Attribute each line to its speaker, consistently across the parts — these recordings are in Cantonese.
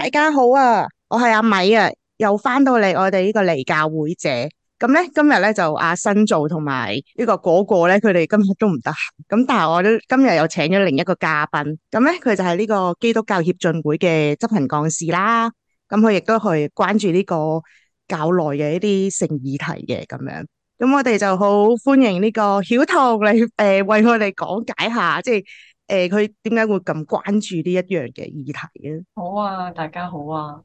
Speaker 1: 大家好啊！我係阿米啊，又翻到嚟我哋呢個離教會者咁咧，今日咧就阿新做同埋呢個果個咧，佢哋今日都唔得閒，咁但係我都今日又請咗另一個嘉賓，咁咧佢就係呢個基督教協進會嘅執行幹事啦，咁佢亦都去關注呢個教內嘅一啲性議題嘅咁樣，咁我哋就好歡迎呢個曉彤嚟誒為我哋講解下，即係。誒，佢點解會咁關注呢一樣嘅議題咧？
Speaker 2: 好啊，大家好啊，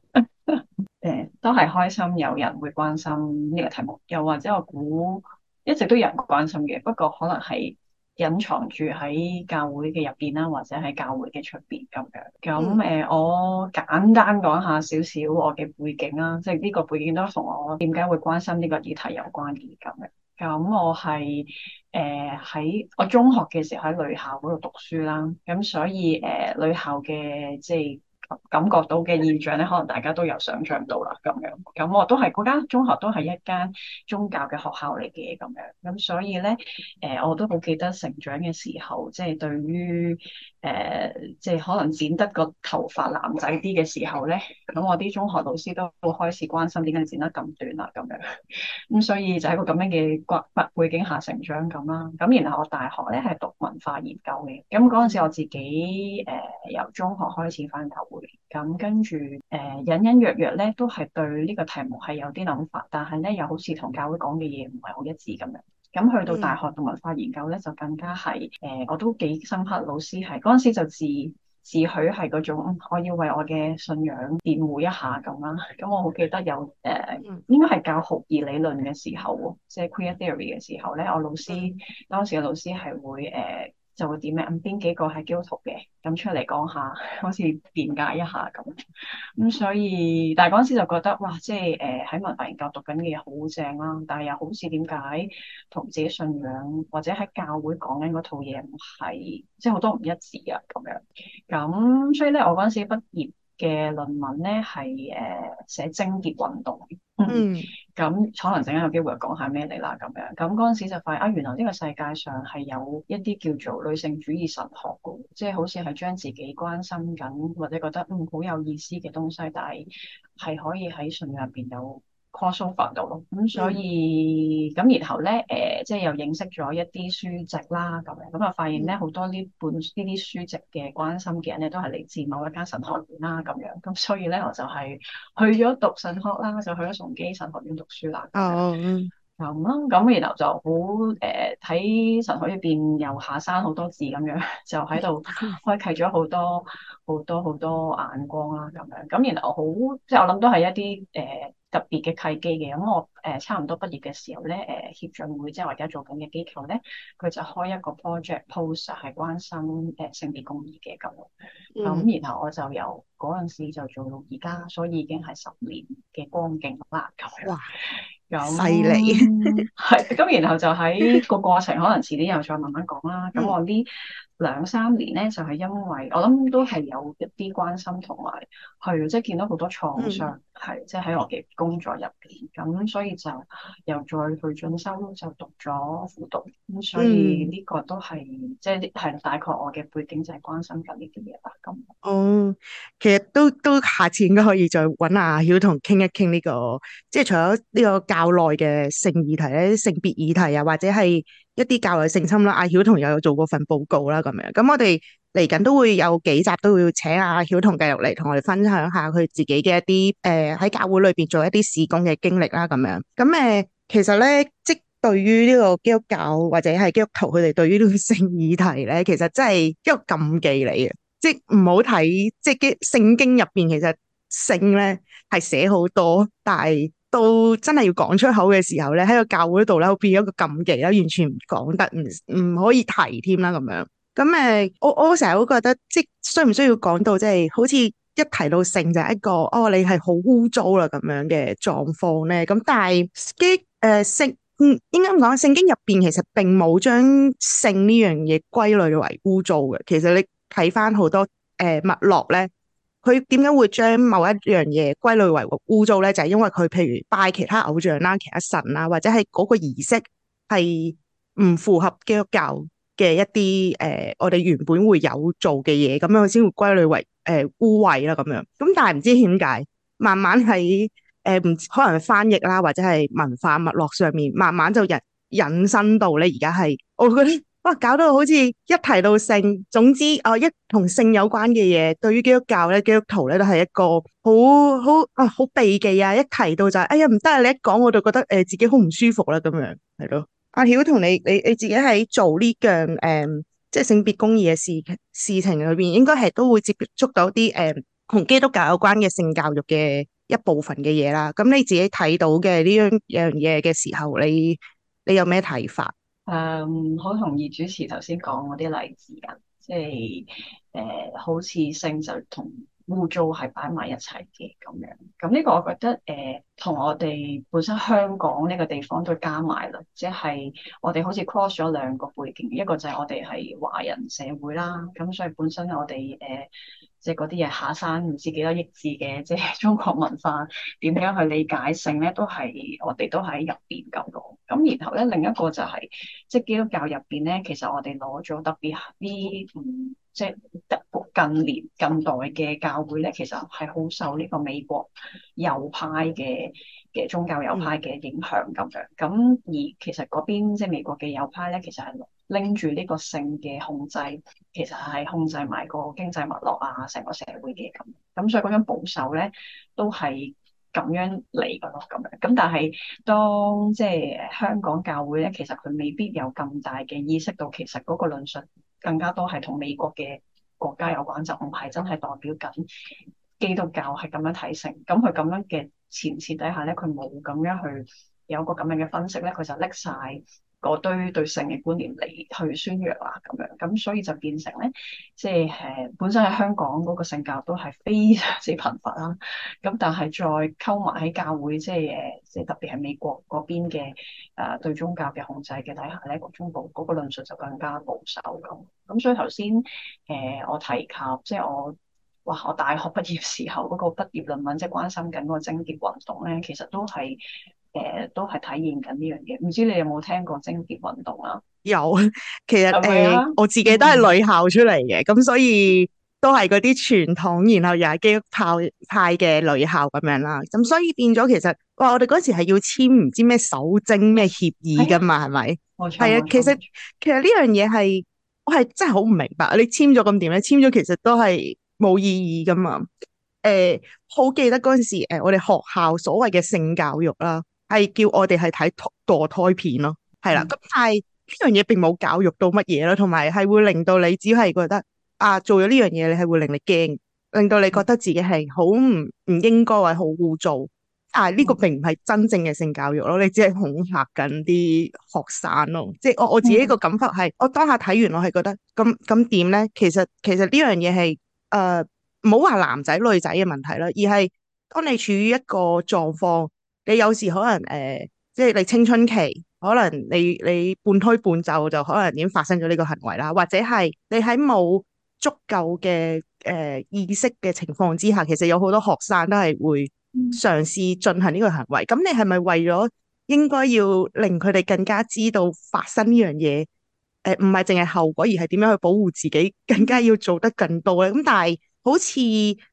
Speaker 1: 誒 ，
Speaker 2: 都係開心有人會關心呢個題目，又或者我估一直都有人會關心嘅，不過可能係隱藏住喺教會嘅入邊啦，或者喺教會嘅出邊咁樣。咁誒、嗯呃，我簡單講下少少我嘅背景啦，即係呢個背景都同我點解會關心呢個議題有關嘅咁樣。咁我係誒喺我中學嘅時候喺女校嗰度讀書啦，咁所以誒、呃、女校嘅即係感覺到嘅現象咧，可能大家都有想像到啦咁樣。咁我都係嗰間中學，都係一間宗教嘅學校嚟嘅咁樣，咁所以咧誒、呃、我都好記得成長嘅時候，即係對於。誒、呃，即係可能剪得個頭髮男仔啲嘅時候咧，咁我啲中學老師都會開始關心，點解你剪得咁短啊？咁樣，咁、嗯、所以就喺個咁樣嘅關背景下成長咁啦。咁然後我大學咧係讀文化研究嘅，咁嗰陣時我自己誒、呃、由中學開始返教會，咁、嗯、跟住誒、呃、隱隱約約咧都係對呢個題目係有啲諗法，但係咧又好似同教會講嘅嘢唔係好一致咁樣。咁、嗯、去到大學同文化研究咧，就更加係誒、呃，我都幾深刻。老師係嗰陣時就自自許係嗰種，我要為我嘅信仰辯護一下咁啦。咁、嗯、我好記得有誒、呃，應該係教學義理論嘅時候，即係 queer、er、theory 嘅時候咧，我老師嗰陣、嗯、時嘅老師係會誒。呃就會點咩？摁邊幾個係基督徒嘅，咁出嚟講下，好似辯解一下咁。咁、嗯、所以，但係嗰陣時就覺得，哇！即係誒喺文化研究讀緊嘅嘢好正啦，但係又好似點解同自己信仰或者喺教會講緊嗰套嘢唔係，即係好多唔一致啊咁樣。咁、嗯、所以咧，我嗰陣時畢業。嘅論文咧係誒寫貞潔運動，咁、 嗯嗯嗯、可能陣間有機會講下咩嚟啦咁樣。咁，嗰陣時就發現啊，原來呢個世界上係有一啲叫做女性主義神學嘅，即係好似係將自己關心緊，或者覺得嗯好有意思嘅東西，但係係可以喺信入邊有。coursework 度咯，咁所以咁，然後咧誒、呃，即係又認識咗一啲書籍啦，咁樣咁啊，發現咧好、嗯、多呢本呢啲書籍嘅關心嘅人咧，都係嚟自某一間神學院啦，咁樣咁，所以咧我就係去咗讀神學啦，就去咗崇基神學院讀書啦。哦，嗯，咁啦，咁然後就好誒，睇、呃、神學入邊又下山好多字咁樣，就喺度開啟咗好多好、嗯、多好多，多眼光啦，咁樣咁，然後好即係我諗都係一啲誒。呃特別嘅契機嘅，咁我誒、呃、差唔多畢業嘅時候咧，誒、呃、協進會即係我而家做緊嘅機構咧，佢就開一個 project poster 係關心誒性別公義嘅，咁，咁然後我就由嗰陣時就做到而家，所以已經係十年嘅光景啦咁。哇！咁犀利，係咁厲害， 然後就喺個過程，可能遲啲又再慢慢講啦。咁我啲。嗯兩三年咧，就係、是、因為我諗都係有一啲關心同埋，係即係見到好多創傷，係即係喺我嘅工作入邊咁，所以就又再去進修就讀咗輔導咁，所以呢個都係即係係大概我嘅背景就係關心緊呢啲嘢吧。咁哦、嗯，其
Speaker 1: 實都都下次應該可以再揾阿、啊、曉彤傾一傾呢、這個，即、就、係、是、除咗呢個教內嘅性議題咧，性別議題啊，或者係。一啲教會嘅性侵啦，阿、啊、曉彤又有做過一份報告啦，咁樣咁我哋嚟緊都會有幾集都會請阿、啊、曉彤繼續嚟同我哋分享下佢自己嘅一啲誒喺教會裏邊做一啲事工嘅經歷啦，咁樣咁誒其實咧，即係對於呢個基督教或者係基督徒，佢哋對於呢個性議題咧，其實真係一個禁忌嚟嘅，即係唔好睇即係經聖經入邊其實性咧係寫好多，但係，到真係要講出口嘅時候咧，喺個教會度咧變咗一個禁忌啦，完全唔講得，唔唔可以提添啦咁樣。咁誒，我我成日都覺得，即係需唔需要講到即係、就是，好似一提到性就係一個哦，你係好污糟啦咁樣嘅狀況咧。咁但係基誒聖，應該咁講，聖經入邊其實並冇將性呢樣嘢歸類為污糟嘅。其實你睇翻好多誒脈絡咧。呃佢點解會將某一樣嘢歸類為污糟咧？就係、是、因為佢譬如拜其他偶像啦、其他神啦，或者係嗰個儀式係唔符合基督教嘅一啲誒、呃，我哋原本會有做嘅嘢，咁樣佢先會歸類為誒、呃、污穢啦咁樣。咁但係唔知點解，慢慢喺誒唔可能翻譯啦，或者係文化脈絡上面，慢慢就引引申到咧，而家係我覺得。哇！搞到好似一提到性，總之啊、哦，一同性有關嘅嘢，對於基督教咧、基督徒咧都係一個好好啊，好避忌啊！一提到就係、是，哎呀唔得啊！你一講我就覺得誒自己好唔舒服啦、啊，咁樣係咯。阿曉同你你你自己喺做呢樣誒，即係性別公義嘅事事情裏邊，應該係都會接觸到啲誒同基督教有關嘅性教育嘅一部分嘅嘢啦。咁你自己睇到嘅呢樣樣嘢嘅時候，你你，你有咩睇法？誒
Speaker 2: 好同意主持頭先講嗰啲例子啊，即係誒好似性就同污糟係擺埋一齊嘅咁樣。咁呢個我覺得誒同我哋本身香港呢個地方都加埋啦，即係我哋好似 cross 咗兩個背景，一個就係我哋係華人社會啦，咁所以本身我哋誒。即係嗰啲嘢下山唔知幾多益智嘅，即係中國文化點樣去理解性咧，都係我哋都喺入邊咁多。咁然後咧，另一個就係、是、即係基督教入邊咧，其實我哋攞咗特別啲，即係近近年近代嘅教會咧，其實係好受呢個美國右派嘅嘅宗教右派嘅影響咁樣。咁而其實嗰邊即係美國嘅右派咧，其實係。拎住呢個性嘅控制，其實係控制埋個經濟脈絡啊，成個社會嘅咁。咁所以咁樣保守咧，都係咁樣嚟噶咯，咁樣。咁但係當即係、就是、香港教會咧，其實佢未必有咁大嘅意識到，其實嗰個論述更加多係同美國嘅國家有關，就唔係真係代表緊基督教係咁樣睇性。咁佢咁樣嘅前設底下咧，佢冇咁樣去有個咁樣嘅分析咧，佢就拎晒。我對對性嘅觀念嚟去宣揚啦、啊，咁樣咁所以就變成咧，即係誒本身喺香港嗰個性教都係非常之貧乏啦。咁但係再溝埋喺教會，即係誒，即係特別係美國嗰邊嘅誒、啊、對宗教嘅控制嘅底下咧，國中部嗰個論述就更加保守咯。咁所以頭先誒我提及，即係我話我大學畢業時候嗰個畢業論文，即係關心緊嗰個貞潔運動咧，其實都係。誒，都係體驗緊呢
Speaker 1: 樣嘢，唔知你有冇聽過貞潔運動啊？有，其實誒、啊呃，我自己都係女校出嚟嘅，咁、嗯、所以都係嗰啲傳統，然後又係基督教派嘅女校咁樣啦。咁所以變咗，其實哇，我哋嗰時係要簽唔知咩守貞咩協議噶嘛，係咪？冇錯，係啊，其實其實呢樣嘢係我係真係好唔明白，你簽咗咁點咧？簽咗其實都係冇意義噶嘛。誒、呃，好記得嗰陣時誒、呃，我哋學校所謂嘅性教育啦。係叫我哋係睇墮胎片咯，係啦，咁但係呢樣嘢並冇教育到乜嘢咯，同埋係會令到你只係覺得啊做咗呢樣嘢，你係會令你驚，令到你覺得自己係好唔唔應該或好污糟，啊呢個並唔係真正嘅性教育咯，你只係恐吓緊啲學生咯，嗯、即係我我自己個感覺係，我當下睇完我係覺得咁咁點咧？其實其實呢樣嘢係誒唔好話男仔女仔嘅問題啦，而係當你處於一個狀況。你有時可能誒、呃，即係你青春期，可能你你半推半就就可能已經發生咗呢個行為啦，或者係你喺冇足夠嘅誒、呃、意識嘅情況之下，其實有好多學生都係會嘗試進行呢個行為。咁、嗯、你係咪為咗應該要令佢哋更加知道發生呢樣嘢？誒、呃，唔係淨係後果，而係點樣去保護自己，更加要做得更多呢？咁但係。好似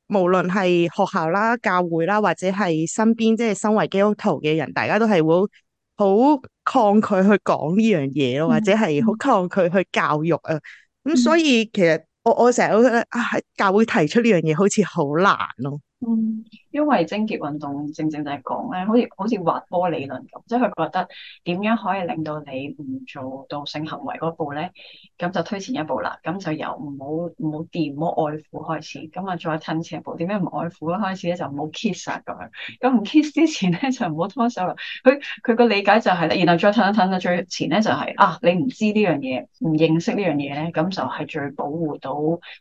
Speaker 1: 無論係學校啦、教會啦，或者係身邊即係身為基督徒嘅人，大家都係會好抗拒去講呢樣嘢咯，或者係好抗拒去教育啊。咁所以其實我我成日都覺得啊，喺教會提出呢樣嘢好似好難咯。嗯。
Speaker 2: 因為貞潔運動正正就係講咧，好似好似滑坡理論咁，即係佢覺得點樣可以令到你唔做到性行為嗰步咧？咁就推前一步啦，咁就由唔好唔好掂唔好愛撫開始，咁啊再褪前一步，點解唔愛撫開始咧？就唔好 kiss 啊咁樣，咁唔 kiss 之前咧就唔好拖手啦。佢佢個理解就係、是、然後再褪一褪到最前咧就係、是、啊，你唔知呢樣嘢，唔認識呢樣嘢咧，咁就係最保護到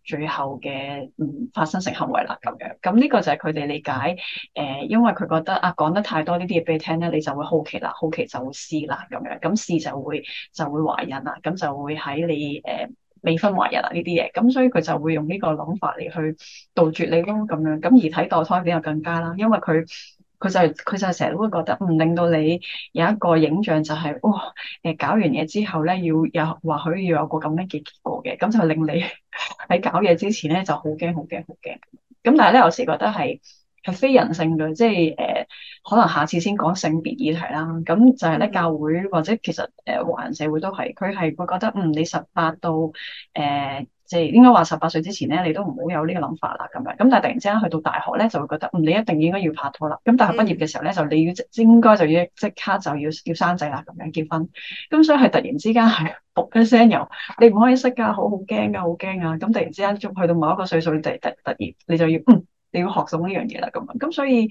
Speaker 2: 最後嘅唔、嗯、發生性行為啦咁樣。咁呢個就係佢哋理解。喺誒、呃，因為佢覺得啊，講得太多呢啲嘢俾你聽咧，你就會好奇啦，好奇就會試啦，咁樣咁試就會就會懷孕啦，咁就會喺你誒、呃、未婚懷孕啦呢啲嘢，咁所以佢就會用呢個諗法嚟去杜絕你咯，咁樣咁而睇墮胎片就更加啦，因為佢佢就係佢就係成日都會覺得嗯令到你有一個影像就係哇誒搞完嘢之後咧要有或許要有個咁樣嘅結果嘅，咁就令你喺 搞嘢之前咧就好驚好驚好驚，咁但係咧有時覺得係。係非人性嘅，即係誒、呃，可能下次先講性別議題啦。咁就係咧、mm. 教會或者其實誒華、呃、人社會都係，佢係會覺得嗯，你十八到誒、呃，即係應該話十八歲之前咧，你都唔好有呢個諗法啦。咁樣咁但係突然之間去到大學咧，就會覺得嗯，你一定應該要拍拖啦。咁大學畢業嘅時候咧，mm. 就你要即應該就要，即，該就要即刻就要要生仔啦，咁樣結婚。咁所以係突然之間係仆一聲又你唔可以識噶，好好驚噶，好驚啊！咁、嗯、突然之間去到某一個歲數，你突你突，突，你突然，突然你就要嗯。你要學到呢樣嘢啦，咁啊，咁所以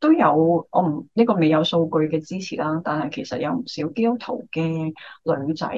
Speaker 2: 都有我唔呢、呢個未有數據嘅支持啦，但係其實有唔少基督徒嘅女仔，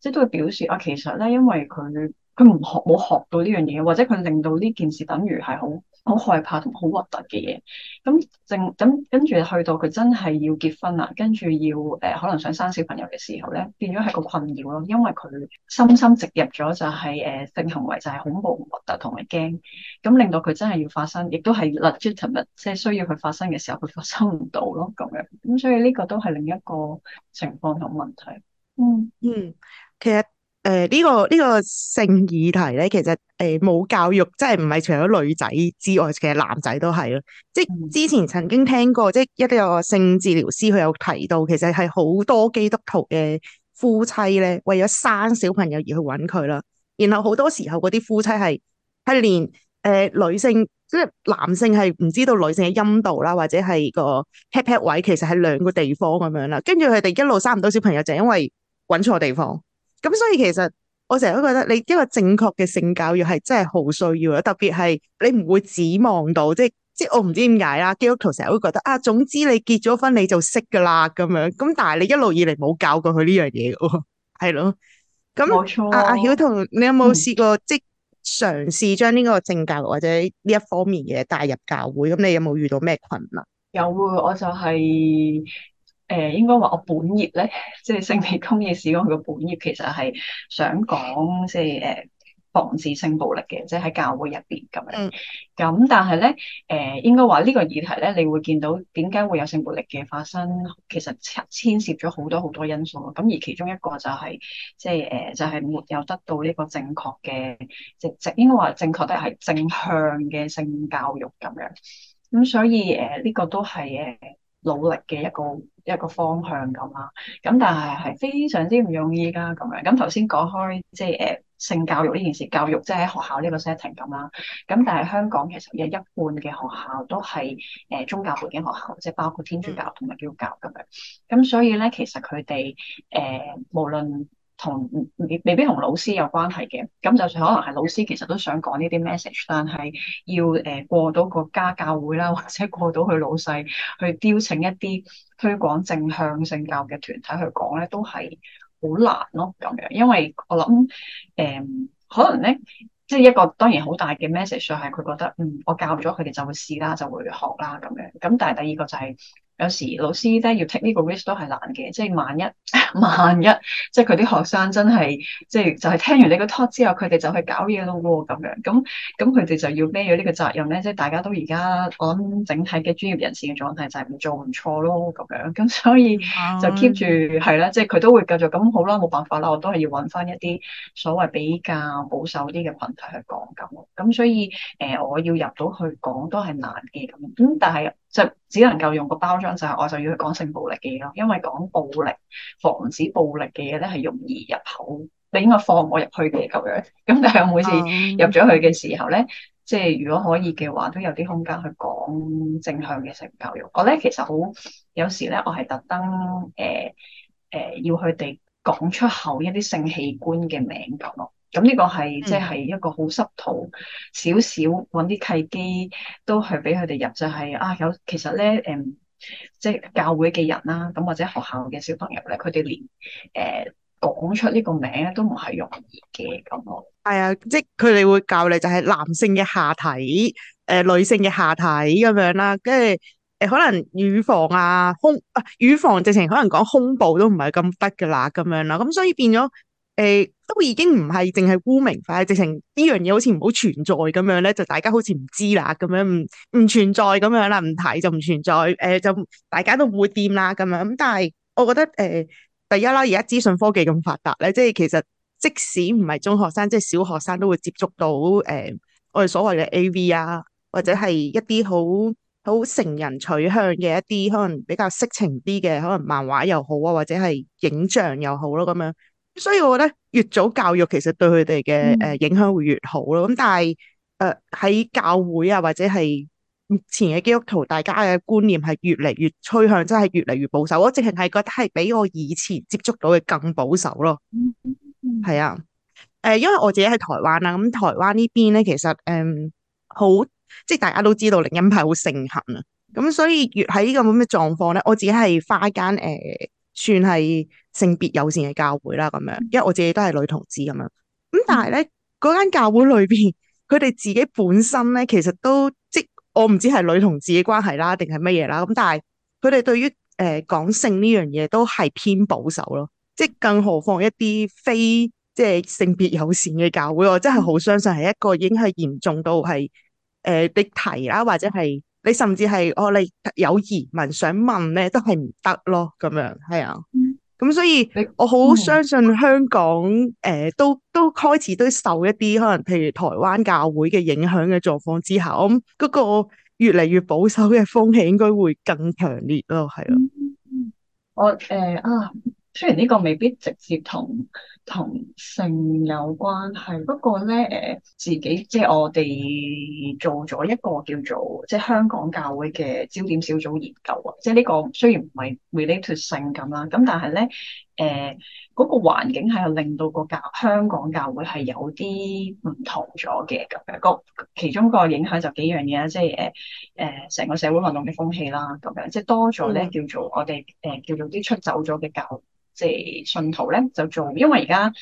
Speaker 2: 即係都會表示啊，其實咧，因為佢。佢唔學冇學到呢樣嘢，或者佢令到呢件事等於係好好害怕同好核突嘅嘢。咁、嗯、正咁跟住去到佢真係要結婚啦，跟住要誒、呃、可能想生小朋友嘅時候咧，變咗係個困擾咯。因為佢深深植入咗就係、是、誒、呃、性行為就係恐怖、核突同埋驚，咁、嗯、令到佢真係要發生，亦都係 legitimate 即係需要佢發生嘅時候，佢發生唔到咯咁樣。咁、嗯、所以呢個都係另一個情況同問題。嗯嗯，其實。
Speaker 1: 誒，呢、呃，這個呢、這個性議題咧，其實誒冇、呃、教育，即係唔係除咗女仔之外，其實男仔都係咯。即係之前曾經聽過，即係一個性治療師佢有提到，其實係好多基督徒嘅夫妻咧，為咗生小朋友而去揾佢啦。然後好多時候嗰啲夫妻係係連誒、呃、女性，即係男性係唔知道女性嘅陰度啦，或者係個 pat pat 位，其實係兩個地方咁樣啦。跟住佢哋一路生唔到小朋友，就因為揾錯地方。咁所以其實我成日都覺得你一個正確嘅性教育係真係好需要啊！特別係你唔會指望到，即係即係我唔知點解啦。基督徒成日都覺得啊，總之你結咗婚你就識噶啦咁樣。咁但係你一路以嚟冇教過佢呢樣嘢喎，係咯。咁冇錯、啊、阿、曉彤，你有冇試過、嗯、即係嘗試將呢個性教或者呢一方面嘅帶入教會？咁你有冇遇到咩困難？
Speaker 2: 有喎，我就係、是。誒應該話我本業咧，即係性別公義事工。佢個本業其實係想講，即係誒防止性暴力嘅，即係喺教會入邊咁樣。咁、嗯、但係咧，誒應該話呢個議題咧，你會見到點解會有性暴力嘅發生，其實牽涉咗好多好多因素咯。咁而其中一個就係、是，即係誒就係、是、沒有得到呢個正確嘅，即係，應該話正確得係正向嘅性教育咁樣。咁所以誒呢個都係誒努力嘅一個。一個方向咁啦，咁但係係非常之唔容易㗎咁樣。咁頭先講開即係誒性教育呢件事，教育即係喺學校呢個 setting 咁啦。咁但係香港其實有一半嘅學校都係誒、呃、宗教背景學校，即係包括天主教同埋基督教咁樣。咁所以咧，其實佢哋誒無論。同未必同老師有關係嘅，咁就算可能係老師其實都想講呢啲 message，但係要誒過到個家教會啦，或者過到佢老細去邀請一啲推廣正向性教育嘅團體去講咧，都係好難咯咁樣。因為我諗誒、呃，可能咧即係一個當然好大嘅 message 就係佢覺得嗯，我教咗佢哋就會試啦，就會學啦咁樣。咁但係第二個就係、是。有時老師咧要 take 呢個 risk 都係難嘅，即係萬一萬一，即係佢啲學生真係即係就係聽完你個 talk 之後，佢哋就去搞嘢咯咁樣，咁咁佢哋就要孭咗呢個責任咧，即係大家都而家我諗整體嘅專業人士嘅狀態就係唔做唔錯咯，咁樣咁所以就 keep 住係啦，即係佢都會繼續咁好啦，冇辦法啦，我都係要揾翻一啲所謂比較保守啲嘅群體去講咁，咁所以誒、呃、我要入到去講都係難嘅咁，咁但係。就只能夠用個包裝，就係我就要去講性暴力嘅嘢咯，因為講暴力、防止暴力嘅嘢咧，係容易入口，你應該放我入去嘅教育。咁但係我每次入咗去嘅時候咧，嗯、即係如果可以嘅話，都有啲空間去講正向嘅性教育。我咧其實好有時咧，我係特登誒誒要佢哋講出口一啲性器官嘅名咁。咁呢個係即係一個好濕土，少少揾啲契機都係俾佢哋入，就係、是、啊有其實咧誒、嗯，即係教會嘅人啦，咁、嗯、或者學校嘅小朋友咧，佢哋連誒講、呃、出呢個名咧都唔係容易
Speaker 1: 嘅，咁我，係啊，即係佢哋會教你，就係男性嘅下體，誒、呃、女性嘅下體咁樣啦，跟住誒可能乳房啊，胸啊，乳、呃、房直情可能講胸部都唔係咁得㗎啦，咁樣啦，咁所以變咗。誒、呃，都已經唔係淨係污名化，係直情呢樣嘢好似唔好存在咁樣咧、呃，就大家好似唔知啦咁樣，唔唔存在咁樣啦，唔睇就唔存在，誒就大家都唔會掂啦咁樣。咁但係我覺得誒、呃，第一啦，而家資訊科技咁發達咧，即係其實即使唔係中學生，即係小學生都會接觸到誒、呃，我哋所謂嘅 AV 啊，或者係一啲好好成人取向嘅一啲可能比較色情啲嘅，可能漫畫又好啊，或者係影像又好咯，咁樣。所以我覺得越早教育其實對佢哋嘅誒影響會越好咯。咁但係誒喺教會啊或者係目前嘅基督徒，大家嘅觀念係越嚟越趨向，真係越嚟越保守。我直情係覺得係比我以前接觸到嘅更保守咯。係啊，誒、呃，因為我自己喺台灣啦，咁台灣呢邊咧其實誒、呃、好，即係大家都知道靈恩派好盛行啊。咁所以越喺呢個咁嘅狀況咧，我自己係花一間誒，算係。性別友善嘅教會啦，咁樣，因為我自己都係女同志咁樣咁，但係咧嗰間教會裏邊，佢哋自己本身咧，其實都即我唔知係女同志嘅關係啦，定係乜嘢啦？咁但係佢哋對於誒、呃、講性呢樣嘢都係偏保守咯，即係更何況一啲非即係性別友善嘅教會，我真係好相信係一個已經係嚴重到係誒的提啦，或者係你甚至係我、哦、你有疑問想問咧，都係唔得咯。咁樣係啊。咁所以，我好相信香港，誒、呃，都都開始都受一啲可能，譬如台灣教會嘅影響嘅狀況之下，我諗個越嚟越保守嘅風氣應該會更強烈咯，係
Speaker 2: 咯。我誒啊！雖然呢個未必直接同同性有關係，不過咧誒，自己即係我哋做咗一個叫做即係香港教會嘅焦點小組研究啊，即係呢個雖然唔係 related 性咁啦，咁但係咧誒，嗰、呃嗰個環境係令到個教香港教會係有啲唔同咗嘅咁樣，個其中個影響就幾樣嘢啦，即係誒誒，成、呃、個社會運動嘅風氣啦，咁樣即係多咗咧、嗯、叫做我哋誒叫做啲出走咗嘅教。即係信徒咧，就做，因為而家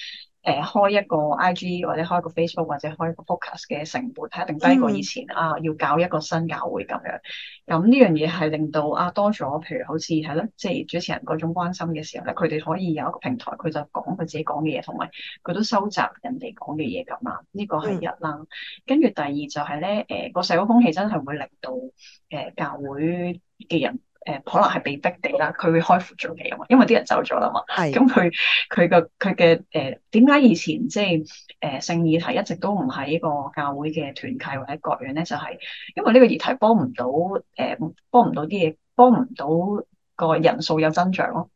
Speaker 2: 誒開一個 IG 或者開一個 Facebook 或者開一個 Focus 嘅成本，係一定低過以前、嗯、啊，要搞一個新教會咁樣。咁呢樣嘢係令到啊多咗，譬如好似係咯，即係、就是、主持人嗰種關心嘅時候咧，佢哋可以有一個平台，佢就講佢自己講嘅嘢，同埋佢都收集人哋講嘅嘢咁啊。呢、這個係一啦。嗯、跟住第二就係咧，誒、呃、個社會風氣真係會令到誒、呃、教會嘅人。誒可能係被逼地啦，佢會開闊咗嘅嘛，因為啲人走咗啦嘛。係咁的，佢佢個佢嘅誒點解以前即係誒性議題一直都唔喺個教會嘅團契或者各樣咧，就係、是、因為呢個議題幫唔到誒幫唔到啲嘢，幫唔到個人數有增長咯。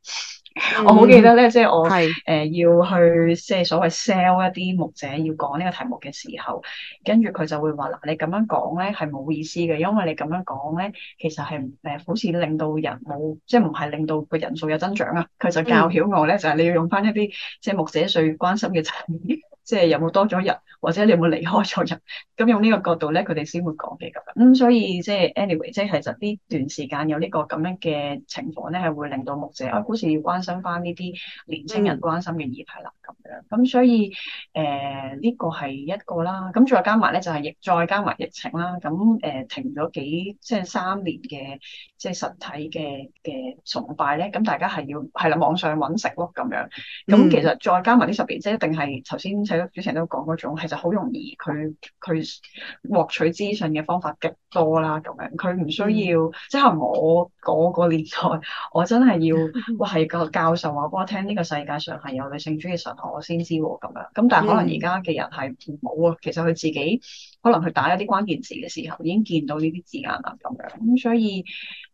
Speaker 2: 嗯、我好記得咧，即、就、係、是、我誒是、呃、要去即係所謂 sell 一啲牧者要講呢個題目嘅時候，跟住佢就會話嗱，你咁樣講咧係冇意思嘅，因為你咁樣講咧，其實係誒、呃、好似令到人冇，即係唔係令到個人數有增長啊。佢就教曉我咧，嗯、就係你要用翻一啲即係牧者最關心嘅層面。即係有冇多咗人，或者你有冇離開咗人？咁、嗯、用呢個角度咧，佢哋先會講嘅咁樣。咁、嗯、所以 way，即係 anyway，即係其實呢段時間有呢個咁樣嘅情況咧，係會令到牧者啊股市要關心翻呢啲年青人關心嘅議題啦咁樣。咁、嗯、所以誒呢、呃這個係一個啦。咁再加埋咧就係、是、疫，再加埋疫情啦。咁誒、呃、停咗幾即係三年嘅即係實體嘅嘅崇拜咧。咁大家係要係啦，網上揾食咯咁樣。咁、嗯嗯、其實再加埋呢十年，即一定係頭先。之前都講嗰種，其實好容易，佢佢獲取資訊嘅方法極多啦，咁樣佢唔需要，嗯、即係我嗰個年代，我真係要哇係個教授話俾我聽，呢個世界上係有女性主義神學，我先知喎咁樣。咁但係可能而家嘅人係冇啊，其實佢自己可能去打一啲關鍵字嘅時候，已經見到呢啲字眼啦，咁樣咁所以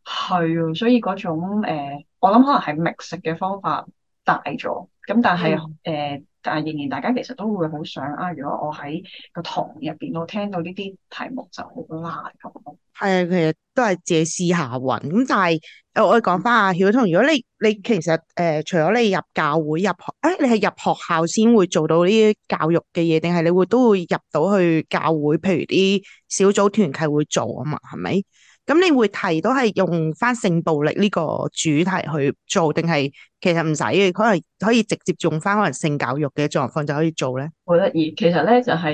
Speaker 2: 係啊，所以嗰種、呃、我諗可能係覓食嘅方法。大咗，咁但係誒，但係、呃、仍然大家其實都會好想啊。如果我喺個堂入邊，我聽到呢啲題目就好難咁。係啊，
Speaker 1: 其實都係借視下雲咁，但係我我講翻阿曉彤，如果你你其實誒、呃，除咗你入教會入學、啊，你係入學校先會做到呢啲教育嘅嘢，定係你會都會入到去教會，譬如啲小組團契會做啊嘛，係咪？咁你會提到係用翻性暴力呢個主題去做，定係其實唔使，可能可以直接用翻可能性教育嘅狀況就可以做咧。
Speaker 2: 好得意，其實咧就係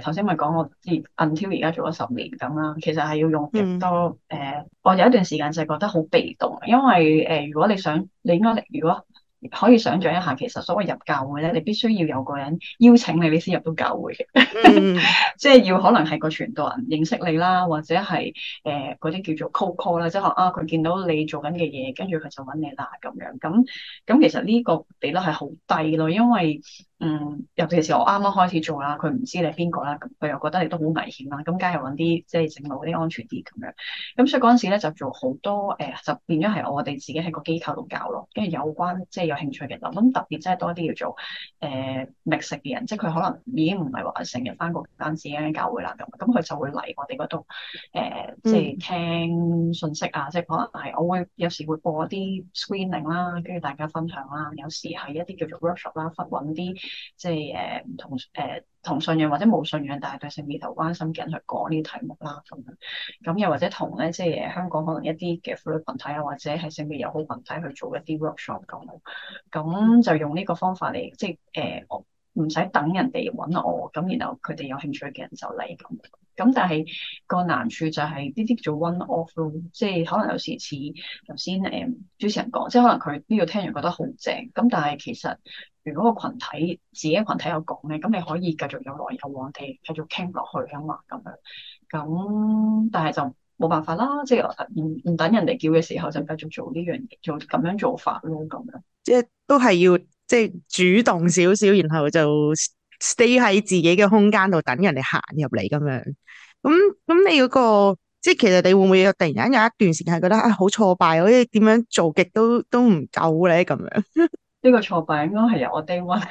Speaker 2: 誒頭先咪講我至 until 而家做咗十年咁啦，其實係要用極多誒、嗯呃，我有一段時間就覺得好被動，因為誒、呃、如果你想，你應該例如果。可以想像一下，其實所謂入教會咧，你必須要有個人邀請你，你先入到教會嘅， mm hmm. 即係要可能係個傳道人認識你啦，或者係誒嗰啲叫做 cold call 啦，即係話啊佢見到你做緊嘅嘢，跟住佢就搵你啦咁樣。咁咁其實呢個比率係好低咯，因為。嗯，尤其是我啱啱開始做啦，佢唔知你邊個啦，咁佢又覺得你都好危險啦，咁梗係揾啲即係整路啲安全啲咁樣，咁、嗯、所以嗰陣時咧就做好多誒、呃，就變咗係我哋自己喺個機構度教咯，跟住有關即係有興趣嘅人，咁特別即係多啲叫做誒覓食嘅人，即係佢可能已經唔係話成日翻嗰間寺間教會啦咁，咁佢、嗯嗯、就會嚟我哋嗰度誒，即係聽信息啊，即係可能係我會有時會播一啲 screening 啦，跟住大家分享啦，有時係一啲叫做 workshop 啦，忽揾啲。即係誒，唔、呃、同誒、呃，同信仰或者冇信仰，但係對性別有關心嘅人去講呢啲題目啦，咁咁又或者同咧，即係、呃、香港可能一啲嘅婦女群體啊，或者係性別友好群體去做一啲 workshop 咁，咁就用呢個方法嚟，即係誒、呃，我唔使等人哋揾我，咁然後佢哋有興趣嘅人就嚟咁，咁但係個難處就係呢啲叫做 one off 咯，即係可能有時似頭先誒主持人講，即係可能佢呢度聽完覺得好正，咁但係其實。如果個群體自己嘅群體有講咧，咁你可以繼續有來有往地繼續傾落去啊嘛，咁樣。咁但係就冇辦法啦，即係唔唔等人哋叫嘅時候就繼續做呢樣嘢，做咁樣做法咯，咁樣。
Speaker 1: 即係都係要即係主動少少，然後就 stay 喺自己嘅空間度等人哋行入嚟咁樣。咁咁你嗰個即係其實你會唔會突然間有一段時間係覺得啊好挫敗，好似點樣做極都都唔夠咧咁樣？
Speaker 2: 呢個錯弊應該係由我 day one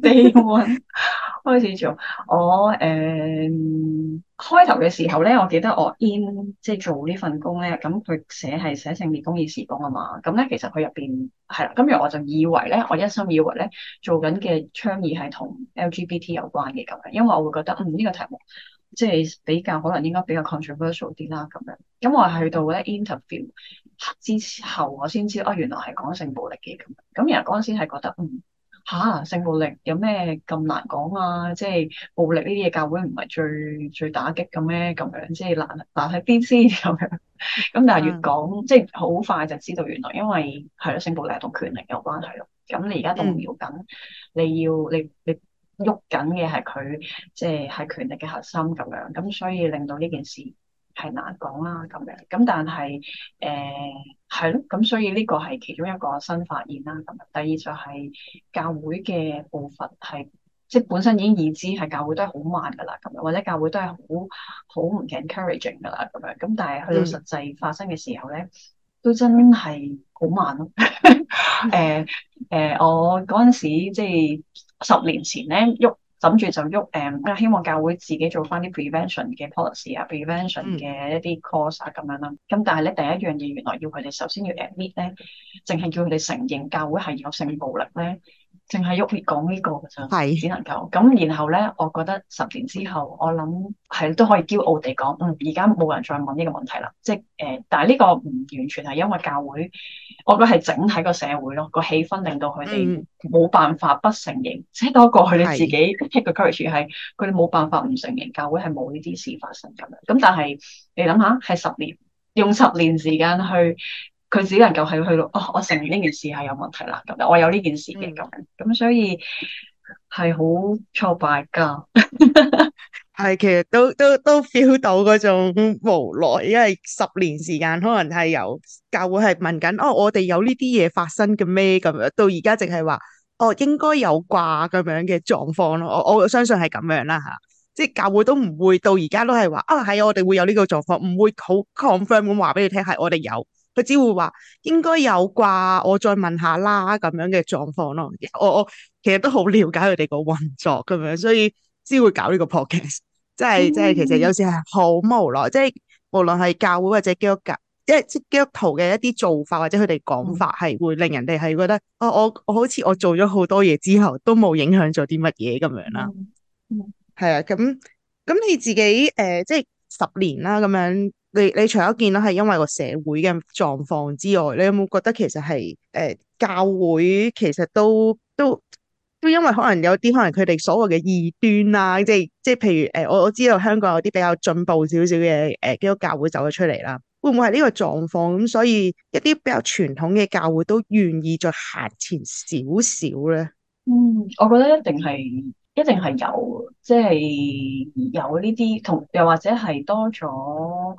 Speaker 1: day one
Speaker 2: 開始做。
Speaker 1: 我誒、uh, 開頭嘅時候咧，我
Speaker 2: 記得我 in 即係做呢份工咧，咁佢寫係寫性別公義事工啊嘛。咁咧其實佢入邊係啦，咁然後我就以為咧，我一心以為咧做緊嘅倡議係同 LGBT 有關嘅咁樣，因為我會覺得嗯呢、這個題目即係比較可能應該比較 controversial 啲啦咁樣。咁我去到咧 interview。Inter view, 之後我先知道，啊，原來係講性暴力嘅咁，咁然後嗰陣時係覺得，嗯，吓、啊，性暴力有咩咁難講啊？即係暴力呢啲嘢，教會唔係最最打擊嘅咩？咁樣即係難難喺邊先咁樣？咁 但係越講，嗯、即係好快就知道原來，因為係咯，性暴力同權力有關係咯。咁你而家動搖緊，你要你你喐緊嘅係佢，即係喺權力嘅核心咁樣，咁所以令到呢件事。係難講啦咁樣，咁但係誒係咯，咁、呃、所以呢個係其中一個新發現啦。咁第二就係教會嘅步伐係，即係本身已經已知係教會都係好慢噶啦咁樣，或者教會都係好好唔 encouraging 噶啦咁樣。咁但係去到實際發生嘅時候咧，嗯、都真係好慢咯。誒 誒、呃呃，我嗰陣時即係十年前咧喐。諗住就喐，誒希望教會自己做翻啲 prevention 嘅 policy 啊、嗯、prevention 嘅一啲 course 啊咁樣啦。咁但係咧第一樣嘢，原來要佢哋首先要 admit 咧，淨係叫佢哋承認教會係有性暴力咧。淨係喐講呢個噶啫，係只能夠咁。是然後咧，我覺得十年之後，我諗係都可以驕傲地講，嗯，而家冇人再問呢個問題啦。即係誒、呃，但係呢個唔完全係因為教會，我覺得係整體個社會咯，個氣氛令到佢哋冇辦法不承認，即係多過去你自己一個 courage 係，佢哋冇辦法唔承認教會係冇呢啲事發生咁樣。咁但係你諗下，係十年，用十年時間去。佢只能夠係去到哦，我承認呢件事
Speaker 1: 係有問題啦。咁我有呢件事嘅咁樣，咁、嗯、所以係好挫敗噶， 係其實都都都 feel 到嗰種無奈，因為十年時間可能係由教會係問緊哦，我哋有呢啲嘢發生嘅咩咁樣，到而家淨係話哦，應該有啩咁樣嘅狀況咯。我我相信係咁樣啦吓、啊，即係教會都唔會到而家都係話啊，係、哦、我哋會有呢個狀況，唔會好 confirm 咁話俾你聽係我哋有。佢只會話應該有啩，我再問下啦咁樣嘅狀況咯。我我其實都好了解佢哋個運作咁樣，所以先會搞呢個 podcast。嗯、即係即係，其實有時係好無奈，即係無論係教會或者基督教，即係基督徒嘅一啲做法或者佢哋講法，係會令人哋係覺得，嗯、哦，我我好似我做咗好多嘢之後，都冇影響咗啲乜嘢咁樣啦。係啊、嗯，咁、嗯、咁你自己誒、呃，即係。十年啦咁樣，你你除咗見到係因為個社會嘅狀況之外，你有冇覺得其實係誒、呃、教會其實都都都因為可能有啲可能佢哋所謂嘅異端啊？即即譬如誒，我、呃、我知道香港有啲比較進步少少嘅誒基督教會走咗出嚟啦，會唔會係呢個狀況咁？所以一啲比較傳統嘅教會都願意再行前少少咧？嗯，我覺得一定係
Speaker 2: 一定係有。即係有呢啲同，又或者係多咗誒、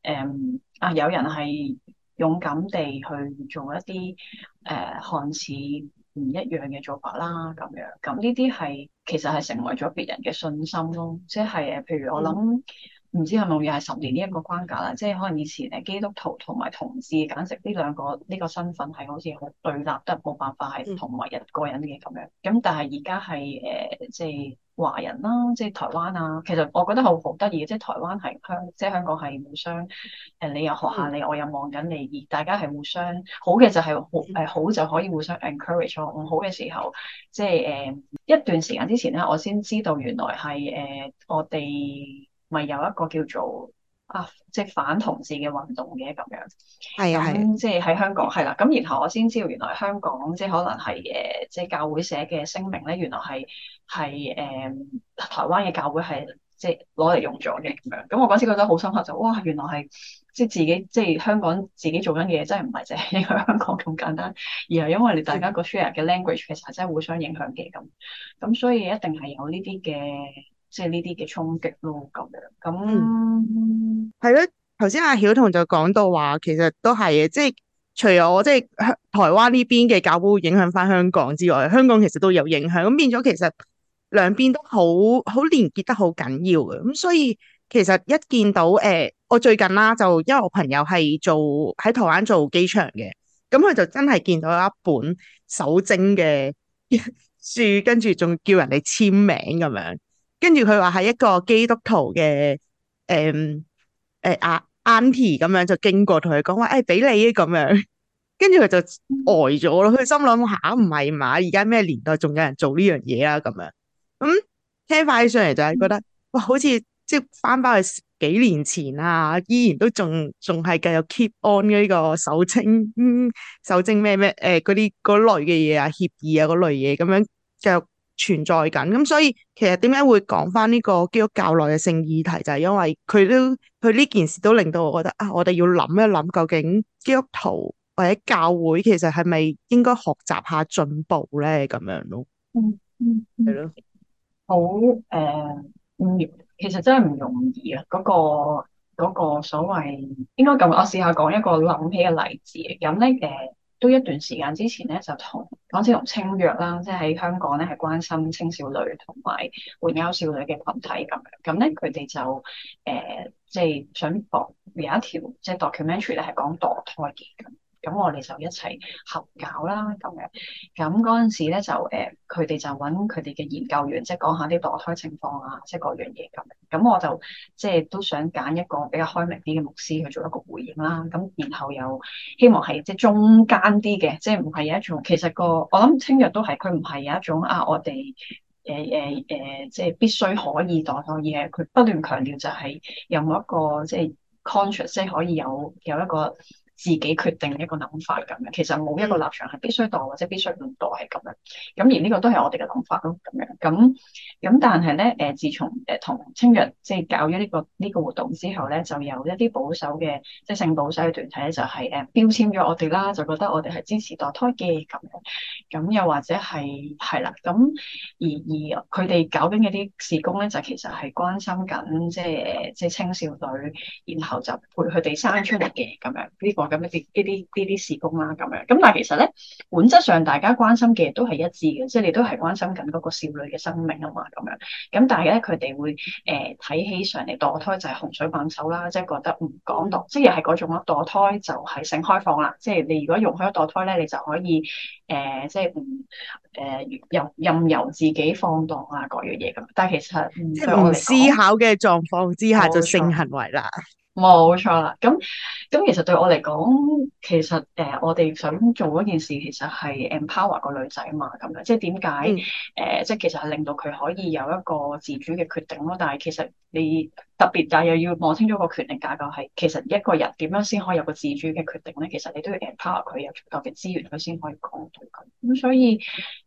Speaker 2: 嗯、啊！有人係勇敢地去做一啲誒、呃、看似唔一樣嘅做法啦，咁樣咁呢啲係其實係成為咗別人嘅信心咯。即係誒，譬如我諗。嗯唔知係咪又係十年呢一個框架啦，即係可能以前誒基督徒同埋同志，簡直呢兩個呢個身份係好似好對立，都冇辦法係同為一個人嘅咁樣。咁但係而家係誒即係華人啦，即係台灣啊。其實我覺得好好得意，即係台灣係香，即係香港係互相誒、呃，你又學下你，我又望緊你，而大家係互相好嘅就係好、呃、好就可以互相 encourage。唔好嘅時候，即係誒、呃、一段時間之前咧，我先知道原來係誒、呃、我哋。咪有一個叫做啊，即反同志嘅運動嘅咁樣，係啊、嗯，嗯、即即喺香港係啦。咁、嗯、然後我先知道原來香港即可能係誒，即教會寫嘅聲明咧，原來係係誒台灣嘅教會係即攞嚟用咗嘅咁樣。咁、嗯、我嗰陣時覺得好深刻就，哇！原來係即自己即香港自己做緊嘅嘢，真係唔係淨係香港咁簡單，而係因為你大家個 share 嘅 language 其實真係互相影響嘅咁。咁、嗯、所以一定係有呢啲嘅。即係呢啲嘅
Speaker 1: 衝擊咯，咁樣咁係咯。頭先阿曉彤就講到話，其實都係嘅，即係除咗即係台灣呢邊嘅教會影響翻香港之外，香港其實都有影響。咁變咗其實兩邊都好好連結得好緊要嘅。咁所以其實一見到誒、欸，我最近啦、啊，就因為我朋友係做喺台灣做機場嘅，咁佢就真係見到一本守貞嘅書，跟住仲叫人哋簽名咁樣。跟住佢話係一個基督徒嘅，誒誒阿阿 aunty 咁樣就經過，同佢講話，誒俾你啊咁樣。跟住佢就呆咗咯，佢心諗下唔係嘛？而家咩年代仲有人做呢樣嘢啊？咁樣咁聽翻起上嚟就係覺得，哇好似即係翻翻去幾年前啊，依然都仲仲係繼續 keep on 呢個守貞守貞咩咩誒嗰啲嗰類嘅嘢啊、協議啊嗰類嘢咁樣繼續存在緊，咁所以其實點解會講返呢個基督教內嘅性議題，就係、是、因為佢都佢呢件事都令到我覺得啊，我哋要諗一諗，究竟基督徒或者教會其實係咪應該學習下進步咧？咁樣咯、嗯，嗯，係咯的，
Speaker 2: 好誒，唔、呃，其實真係唔容易啊！嗰、嗰個嗰個所謂應該咁，我試下講一個諗起嘅例子，咁咧誒。都一段時間之前咧，就同，好似同青躍啦，即係喺香港咧，係關心青少女同埋援交少女嘅群體咁樣。咁咧佢哋就誒、呃，即係想播有一條即係 documentary 咧，係講墮胎嘅。咁我哋就一齊合搞啦，咁樣。咁嗰陣時咧就誒，佢、呃、哋就揾佢哋嘅研究員，即係講下啲墮胎情況啊，即係各樣嘢咁。咁我就即係都想揀一個比較開明啲嘅牧師去做一個回應啦。咁然後又希望係即係中間啲嘅，即係唔係有一種其實個我諗聽日都係佢唔係有一種啊，我哋誒誒誒，即係必須可以墮胎，而係佢不斷強調就係任何一個即係 conscious 可以有有一個。自己決定一個諗法咁樣，其實冇一個立場係必須墮或者必須唔墮係咁樣。咁而呢個都係我哋嘅諗法咯，咁樣。咁咁但係咧，誒自從誒同青日即係搞咗呢個呢個活動之後咧，就有一啲保守嘅即係性保守嘅團體咧，就係誒標籤咗我哋啦，就覺得我哋係支持墮胎嘅咁樣。咁又或者係係啦。咁而而佢哋搞緊嗰啲事工咧，就其實係關心緊即係即係青少女，然後就陪佢哋生出嚟嘅咁樣呢個。咁呢啲呢啲事工啦咁樣，咁但係其實咧，本質上大家關心嘅都係一致嘅，即係你都係關心緊嗰個少女嘅生命啊嘛咁樣。咁但係咧，佢哋會誒睇、呃、起上嚟墮胎就係洪水猛獸啦，即係覺得唔講道德即係又係嗰種咯。墮胎就係性開放啦，即係你如果容許墮胎咧，你就可以誒、呃，即係唔誒任由自己放蕩啊，各樣嘢咁。但係其實即係唔思
Speaker 1: 考嘅狀況之下就性行為啦。
Speaker 2: 冇錯啦，咁咁、哦、其實對我嚟講，其實誒、呃、我哋想做嗰件事，其實係 empower 個女仔嘛，咁樣即係點解誒？即係、嗯呃、其實係令到佢可以有一個自主嘅決定咯。但係其實你。特別，但係又要摸清楚個權力架構係，其實一個人點樣先可以有個自主嘅決定咧？其實你都要 empower 佢有足夠嘅資源，佢先可以講到佢。咁、嗯、所以誒、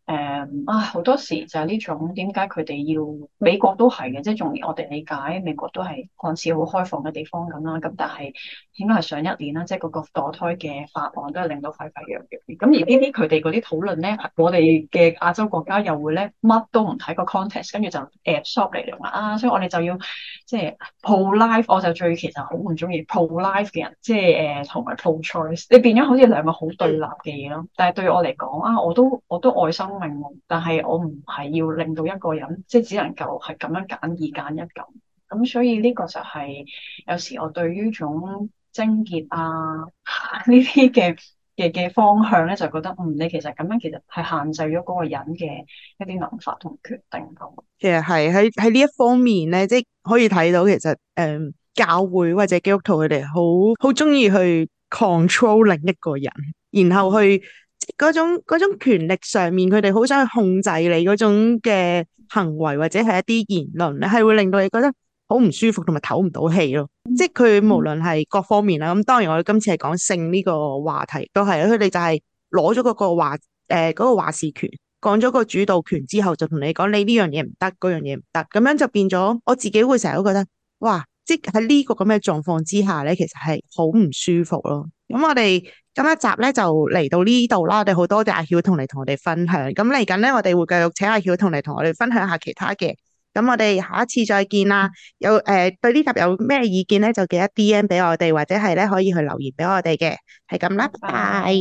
Speaker 2: 嗯、啊，好多時就係呢種點解佢哋要美國都係嘅，即係仲我哋理解美國都係看似好開放嘅地方咁啦。咁但係應該係上一年啦，即係個個墮胎嘅法案都係令到沸沸揚揚。咁而呢啲佢哋嗰啲討論咧，我哋嘅亞洲國家又會咧乜都唔睇個 context，跟住就 absorb 嚟用啦。啊，所以我哋就要即係。pro life 我就最其實好唔中意 pro life 嘅人，即係誒同埋 pro choice，你變咗好似兩個好對立嘅嘢咯。但係對我嚟講啊，我都我都愛生命，但係我唔係要令到一個人即係只能夠係咁樣揀二揀一咁。咁所以呢個就係、是、有時我對於種貞潔啊呢啲嘅。嘅嘅方向咧，就覺得嗯，你其實咁樣其實係限制咗嗰個人嘅一啲想法同決定咁。
Speaker 1: 其實係喺喺呢一方面咧，即係可以睇到其實誒、嗯、教會或者基督徒佢哋好好中意去 control 另一個人，然後去即係嗰種嗰種權力上面，佢哋好想去控制你嗰種嘅行為或者係一啲言論咧，係會令到你覺得好唔舒服同埋唞唔到氣咯，即係佢無論係各方面啦。咁、嗯、當然我哋今次係講性呢個話題都係佢哋就係攞咗嗰個話誒嗰、呃嗰個、話事權，講咗個主導權之後，就同你講你呢樣嘢唔得，嗰樣嘢唔得，咁樣就變咗我自己會成日都覺得哇！即係喺呢個咁嘅狀況之下咧，其實係好唔舒服咯。咁、嗯、我哋今一集咧就嚟到呢度啦。我哋好多謝阿曉彤嚟同我哋分享。咁嚟緊咧，我哋會繼續請阿曉彤嚟同我哋分享下其他嘅。咁我哋下一次再見啦！有誒、呃、對呢集有咩意見呢？就記得 DM 俾我哋，或者係咧可以去留言俾我哋嘅。係咁啦，拜拜。